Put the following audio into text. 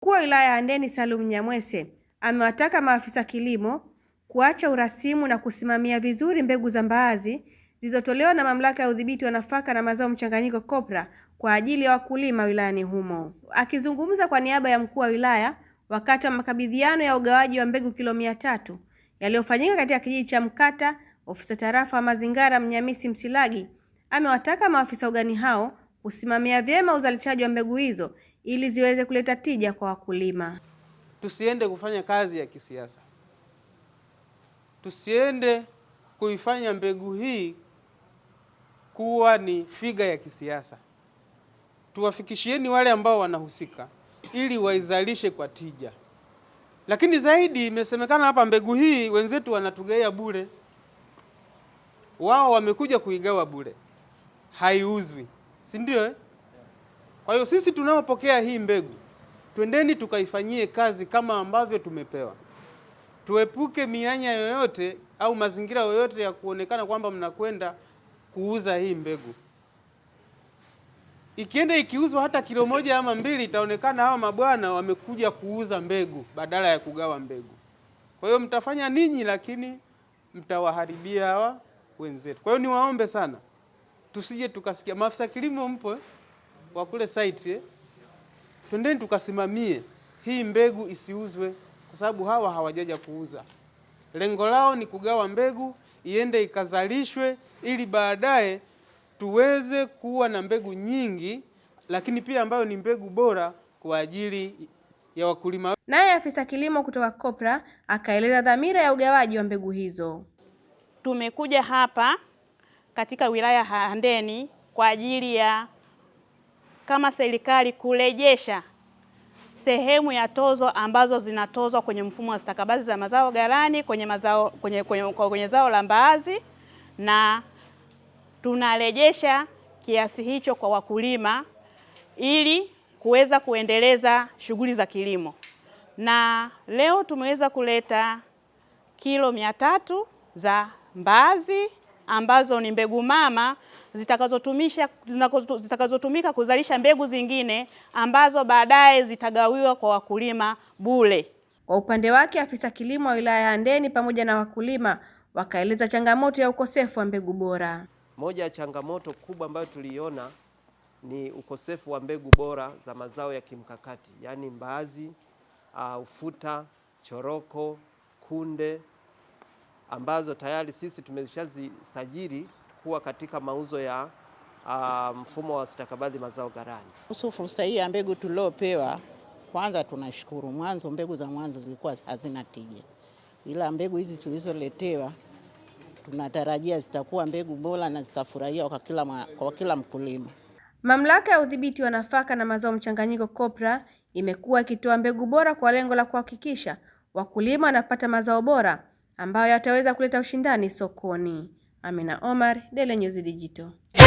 Mkuu wa wilaya ya Handeni Salum Nyamwese amewataka maafisa kilimo kuacha urasimu na kusimamia vizuri mbegu za mbaazi zilizotolewa na Mamlaka ya Udhibiti wa Nafaka na Mazao Mchanganyiko COPRA kwa ajili ya wakulima wilayani humo. Akizungumza kwa niaba ya mkuu wa wilaya wakati wa makabidhiano ya ugawaji wa mbegu kilo mia tatu yaliyofanyika katika kijiji cha Mkata, ofisa tarafa wa Mazingara Mnyamisi Msilagi amewataka maafisa ugani hao kusimamia vyema uzalishaji wa mbegu hizo ili ziweze kuleta tija kwa wakulima. Tusiende kufanya kazi ya kisiasa, tusiende kuifanya mbegu hii kuwa ni figa ya kisiasa. Tuwafikishieni wale ambao wanahusika ili waizalishe kwa tija. Lakini zaidi, imesemekana hapa mbegu hii wenzetu wanatugaia bure, wao wamekuja kuigawa bure, haiuzwi, si ndio eh? Kwa hiyo sisi tunaopokea hii mbegu, twendeni tukaifanyie kazi kama ambavyo tumepewa. Tuepuke mianya yoyote au mazingira yoyote ya kuonekana kwamba mnakwenda kuuza hii mbegu. Ikienda ikiuzwa hata kilo moja ama mbili, itaonekana hawa mabwana wamekuja kuuza mbegu badala ya kugawa mbegu. Kwa hiyo mtafanya ninyi, lakini mtawaharibia hawa wenzetu. Kwa hiyo niwaombe sana, tusije tukasikia maafisa kilimo mpo eh? wa kule site, eh, twendeni tukasimamie hii mbegu isiuzwe, kwa sababu hawa hawajaja kuuza. Lengo lao ni kugawa mbegu iende ikazalishwe, ili baadaye tuweze kuwa na mbegu nyingi, lakini pia ambayo ni mbegu bora kwa ajili ya wakulima. Naye afisa kilimo kutoka COPRA akaeleza dhamira ya ugawaji wa mbegu hizo. Tumekuja hapa katika wilaya Handeni kwa ajili ya kama serikali kurejesha sehemu ya tozo ambazo zinatozwa kwenye mfumo wa stakabadhi za mazao ghalani kwenye mazao, kwenye, kwenye, kwenye zao la mbaazi na tunarejesha kiasi hicho kwa wakulima ili kuweza kuendeleza shughuli za kilimo. Na leo tumeweza kuleta kilo mia tatu za mbaazi ambazo ni mbegu mama zitakazotumisha zitakazotumika kuzalisha mbegu zingine ambazo baadaye zitagawiwa kwa wakulima bure. Kwa upande wake, afisa kilimo wa wilaya ya Handeni pamoja na wakulima wakaeleza changamoto ya ukosefu wa mbegu bora. Moja ya changamoto kubwa ambayo tuliiona ni ukosefu wa mbegu bora za mazao ya kimkakati, yaani mbaazi, uh, ufuta, choroko, kunde ambazo tayari sisi tumeshazisajili kuwa katika mauzo ya uh, mfumo wa stakabadhi mazao ghalani. Kuhusu fursa hii ya mbegu tuliopewa, kwanza tunashukuru. Mwanzo mbegu za mwanzo zilikuwa hazina tija, ila mbegu hizi tulizoletewa tunatarajia zitakuwa mbegu bora na zitafurahia kwa kila, kwa kila mkulima. Mamlaka ya udhibiti wa nafaka na mazao mchanganyiko COPRA imekuwa ikitoa mbegu bora kwa lengo la kuhakikisha wakulima wanapata mazao bora ambayo yataweza kuleta ushindani sokoni. Amina Omar, Daily News Digital.